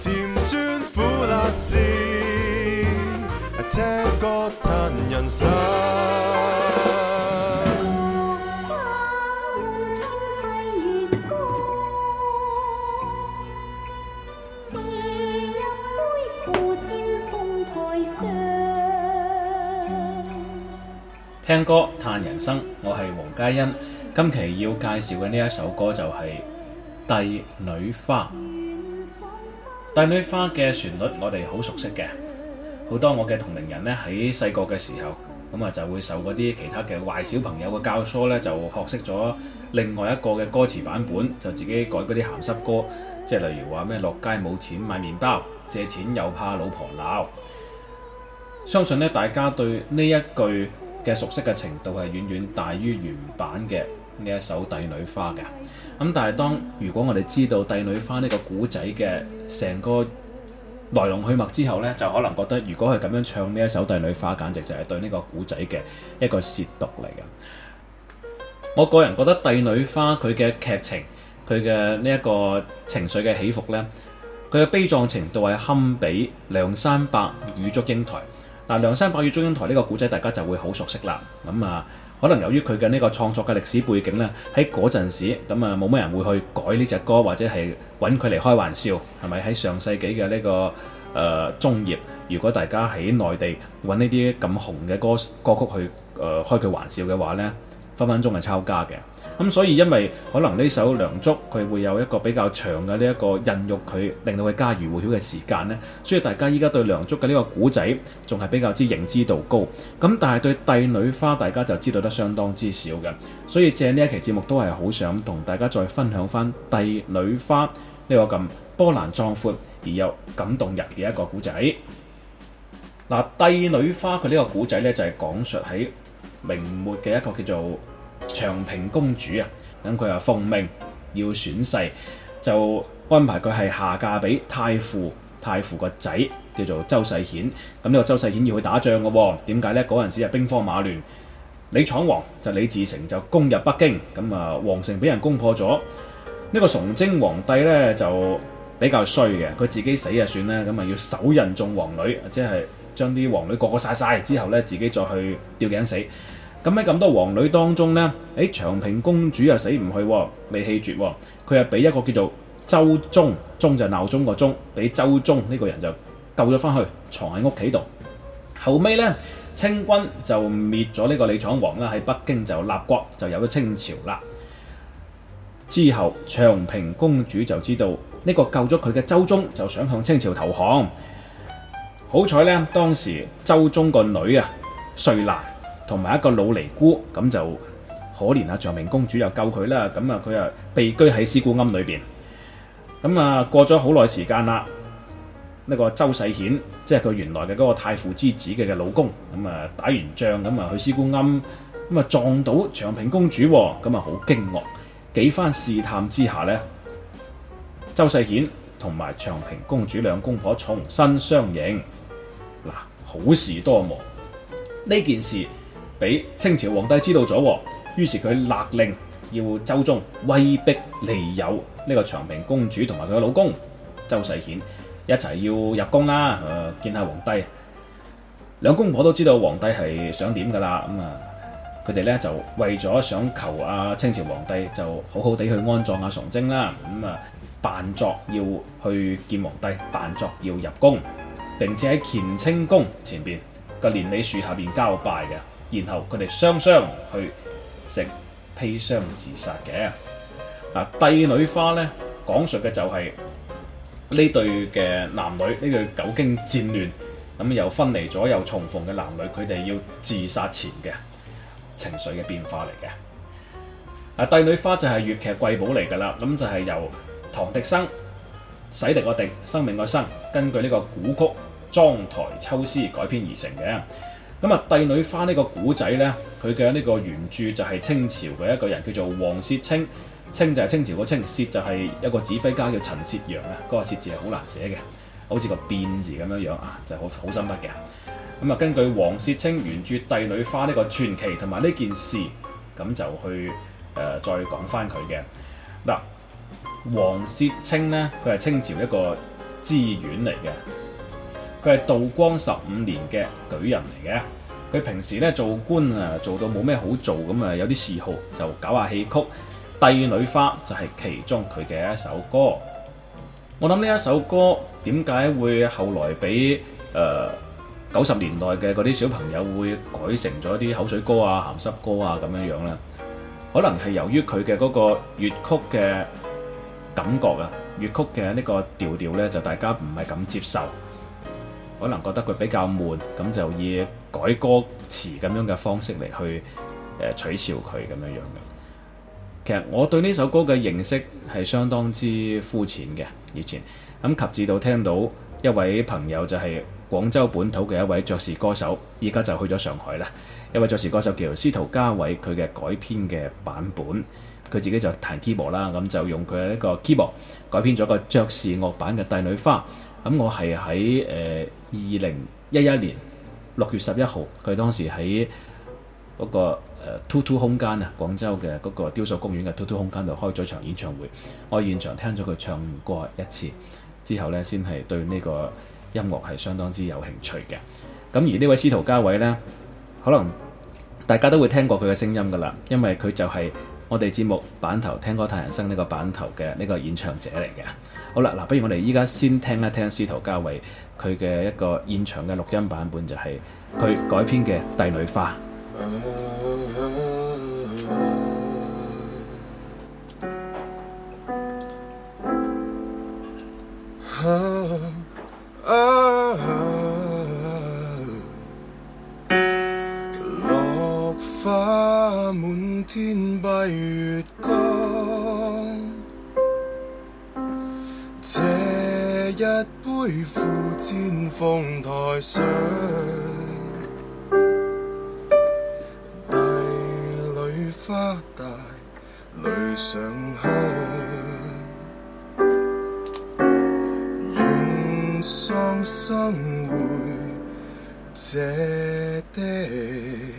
甜酸苦辣，聽歌嘆人生，我係黃嘉欣。今期要介紹嘅呢一首歌就係、是《帝女花》。《帝女花》嘅旋律我哋好熟悉嘅，好多我嘅同齡人呢喺細個嘅時候，咁啊就會受嗰啲其他嘅壞小朋友嘅教唆呢，就學識咗另外一個嘅歌詞版本，就自己改嗰啲鹹濕歌，即係例如話咩落街冇錢買麵包，借錢又怕老婆鬧。相信呢大家對呢一句嘅熟悉嘅程度係遠遠大於原版嘅。呢一首《帝女花》嘅，咁但係當如果我哋知道《帝女花》呢個古仔嘅成個來龍去脈之後呢，就可能覺得如果係咁樣唱呢一首《帝女花》，簡直就係對呢個古仔嘅一個褻瀆嚟嘅。我個人覺得《帝女花》佢嘅劇情、佢嘅呢一個情緒嘅起伏呢，佢嘅悲壯程度係堪比《梁山伯與祝英台》。但《梁山伯與祝英台》呢個古仔大家就會好熟悉啦，咁、嗯、啊。可能由於佢嘅呢個創作嘅歷史背景呢，喺嗰陣時咁啊，冇咩人會去改呢隻歌，或者係揾佢嚟開玩笑，係咪？喺上世紀嘅呢個誒、呃、中葉，如果大家喺內地揾呢啲咁紅嘅歌歌曲去誒、呃、開佢玩笑嘅話呢，分分鐘係抄家嘅，咁所以因為可能呢首梁祝佢會有一個比較長嘅呢一個孕育佢令到佢家喻戶曉嘅時間呢。所以大家依家對梁祝嘅呢個古仔仲係比較之認知度高，咁但係對帝女花大家就知道得相當之少嘅，所以借呢一期節目都係好想同大家再分享翻帝女花呢個咁波瀾壯闊而又感動人嘅一個古仔。嗱，帝女花佢呢個古仔呢，就係講述喺。明末嘅一個叫做長平公主啊，咁佢話奉命要選婿，就安排佢係下嫁俾太傅，太傅個仔叫做周世顯。咁呢個周世顯要去打仗嘅、哦，點解呢？嗰陣時係兵荒馬亂，李闖王就李自成就攻入北京，咁啊皇城俾人攻破咗。呢、這個崇禎皇帝呢，就比較衰嘅，佢自己死啊算啦，咁啊要手刃眾皇女，即係將啲皇女個個殺晒。之後呢，自己再去吊頸死。咁喺咁多皇女當中呢，誒，長平公主又死唔去，哦，未氣絕，哦，佢係俾一個叫做周忠，忠就鬧鐘個忠，俾周忠呢個人就救咗翻去，藏喺屋企度。後尾呢，清軍就滅咗呢個李闖王啦，喺北京就立國，就有咗清朝啦。之後長平公主就知道呢，呢個救咗佢嘅周忠，就想向清朝投降。好彩呢，當時周忠個女啊，瑞蘭。同埋一個老尼姑咁就可憐啊！長平公主又救佢啦，咁啊佢啊避居喺師姑庵裏邊。咁啊過咗好耐時間啦，呢個周世顯即係佢原來嘅嗰個太傅之子嘅嘅老公。咁啊打完仗咁啊去師姑庵咁啊撞到長平公主、哦，咁啊好驚愕。幾番試探之下呢，周世顯同埋長平公主兩公婆重新相認。嗱，好事多磨，呢件事。俾清朝皇帝知道咗，於是佢勒令要周鍾威逼利誘呢個長平公主同埋佢老公周世顯一齊要入宮啦、呃，見下皇帝。兩公婆都知道皇帝係想點噶啦，咁、嗯、啊佢哋咧就為咗想求啊清朝皇帝就好好地去安葬阿、啊、崇禎啦，咁、嗯、啊扮作要去見皇帝，扮作要入宮，並且喺乾清宮前面個連理樹下面交拜嘅。然後佢哋雙雙去食砒霜自殺嘅《帝女花》呢，講述嘅就係、是、呢對嘅男女，呢對久經戰亂咁又分離咗又重逢嘅男女，佢哋要自殺前嘅情緒嘅變化嚟嘅。帝女花就是粵劇寶》就係粵劇瑰寶嚟噶啦，咁就係由唐滌生、洗滌嘅滌、生命嘅生，根據呢個古曲《妝台秋思》改編而成嘅。咁啊，帝女花呢個古仔呢，佢嘅呢個原著就係清朝嘅一個人叫做黃燮清，清就係清朝嘅清，燮就係一個指揮家叫陳燮陽啊，嗰、那個燮字係好難寫嘅，好似個辮字咁樣樣啊，就好好生嘅。咁啊，根據黃燮清原著《帝女花》呢個傳奇同埋呢件事，咁就去、呃、再講翻佢嘅嗱，黃燮清呢，佢係清朝一個知縣嚟嘅。佢係道光十五年嘅舉人嚟嘅，佢平時咧做官啊做到冇咩好做，咁啊有啲嗜好就搞下、啊、戲曲，《帝女花》就係其中佢嘅一首歌。我諗呢一首歌點解會後來俾誒九十年代嘅嗰啲小朋友會改成咗啲口水歌啊、鹹濕歌啊咁樣樣咧？可能係由於佢嘅嗰個粵曲嘅感覺啊，粵曲嘅呢個調調咧，就大家唔係咁接受。可能覺得佢比較悶，咁就以改歌詞咁樣嘅方式嚟去誒、呃、取笑佢咁樣樣嘅。其實我對呢首歌嘅認識係相當之膚淺嘅，以前咁、嗯、及至到聽到一位朋友就係廣州本土嘅一位爵士歌手，依家就去咗上海啦。一位爵士歌手叫司徒嘉偉，佢嘅改編嘅版本，佢自己就彈 keyboard 啦，咁就用佢一個 keyboard 改編咗個爵士樂版嘅《帝女花》。咁我係喺誒二零一一年六月十一號，佢當時喺嗰、個 Two Two、呃、空間啊，廣州嘅嗰個雕塑公園嘅 Two Two 空間度開咗場演唱會，我現場聽咗佢唱過一次之後咧，先係對呢個音樂係相當之有興趣嘅。咁而呢位司徒家偉咧，可能大家都會聽過佢嘅聲音噶啦，因為佢就係、係。我哋節目版頭《聽歌嘆人生》呢個版頭嘅呢個演唱者嚟嘅，好啦，嗱，不如我哋依家先聽一聽司徒嘉偉佢嘅一個現場嘅錄音版本，就係佢改編嘅《帝女花》。滿天蔽月光，借一杯附薦鳳台上。帝女花帶淚上香，里常去，願喪生回謝爹。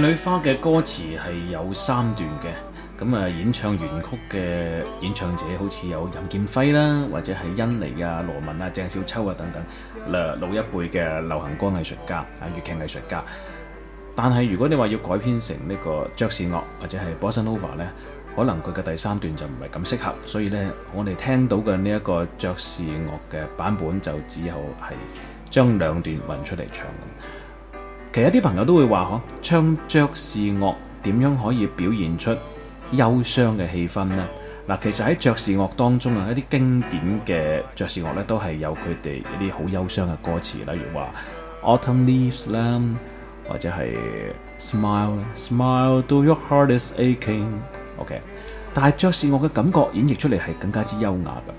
《女花》嘅歌詞係有三段嘅，咁啊演唱原曲嘅演唱者好似有任劍輝啦，或者係甄妮啊、羅文啊、鄭少秋啊等等，嗱老一輩嘅流行歌藝術家啊、粵劇藝術家。但係如果你話要改編成呢個爵士樂或者係 bossanova 咧，可能佢嘅第三段就唔係咁適合，所以呢，我哋聽到嘅呢一個爵士樂嘅版本就只有係將兩段混出嚟唱。其實一啲朋友都會話呵，唱爵士樂點樣可以表現出憂傷嘅氣氛呢？嗱，其實喺爵士樂當中啊，一啲經典嘅爵士樂咧，都係有佢哋一啲好憂傷嘅歌詞，例如話《Autumn Leaves》啦，或者係 Sm《Smile Smile》，Do Your Heart Is Aching，OK。Okay. 但係爵士樂嘅感覺演繹出嚟係更加之優雅嘅。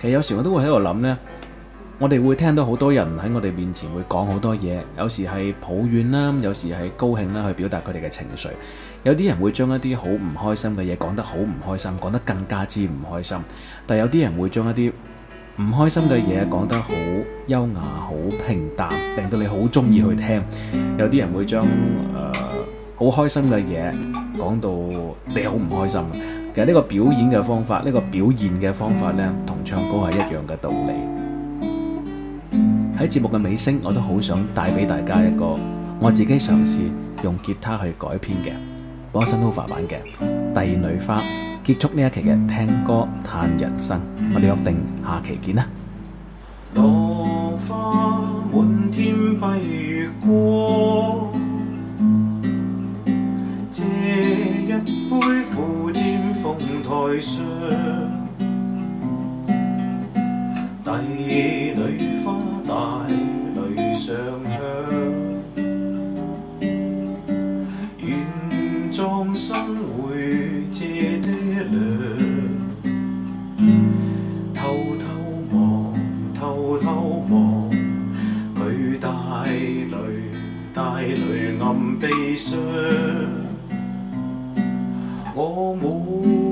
其實有時我都會喺度諗呢。我哋會聽到好多人喺我哋面前會講好多嘢，有時係抱怨啦，有時係高興啦，去表達佢哋嘅情緒。有啲人會將一啲好唔開心嘅嘢講得好唔開心，講得更加之唔開心。但有啲人會將一啲唔開心嘅嘢講得好優雅、好平淡，令到你好中意去聽。有啲人會將誒好開心嘅嘢講到你好唔開心。其實呢個表演嘅方法，呢、呢個表現嘅方法呢，同唱歌係一樣嘅道理。喺節目嘅尾聲，我都好想帶俾大家一個我自己嘗試用吉他去改編嘅 Bossa Nova 版嘅《帝女花》，結束呢一期嘅聽歌嘆人生，我哋約定下期見啦。落花滿天蔽月光，借一杯附薦鳳台上，帶淚，帶淚，暗悲傷。我冇。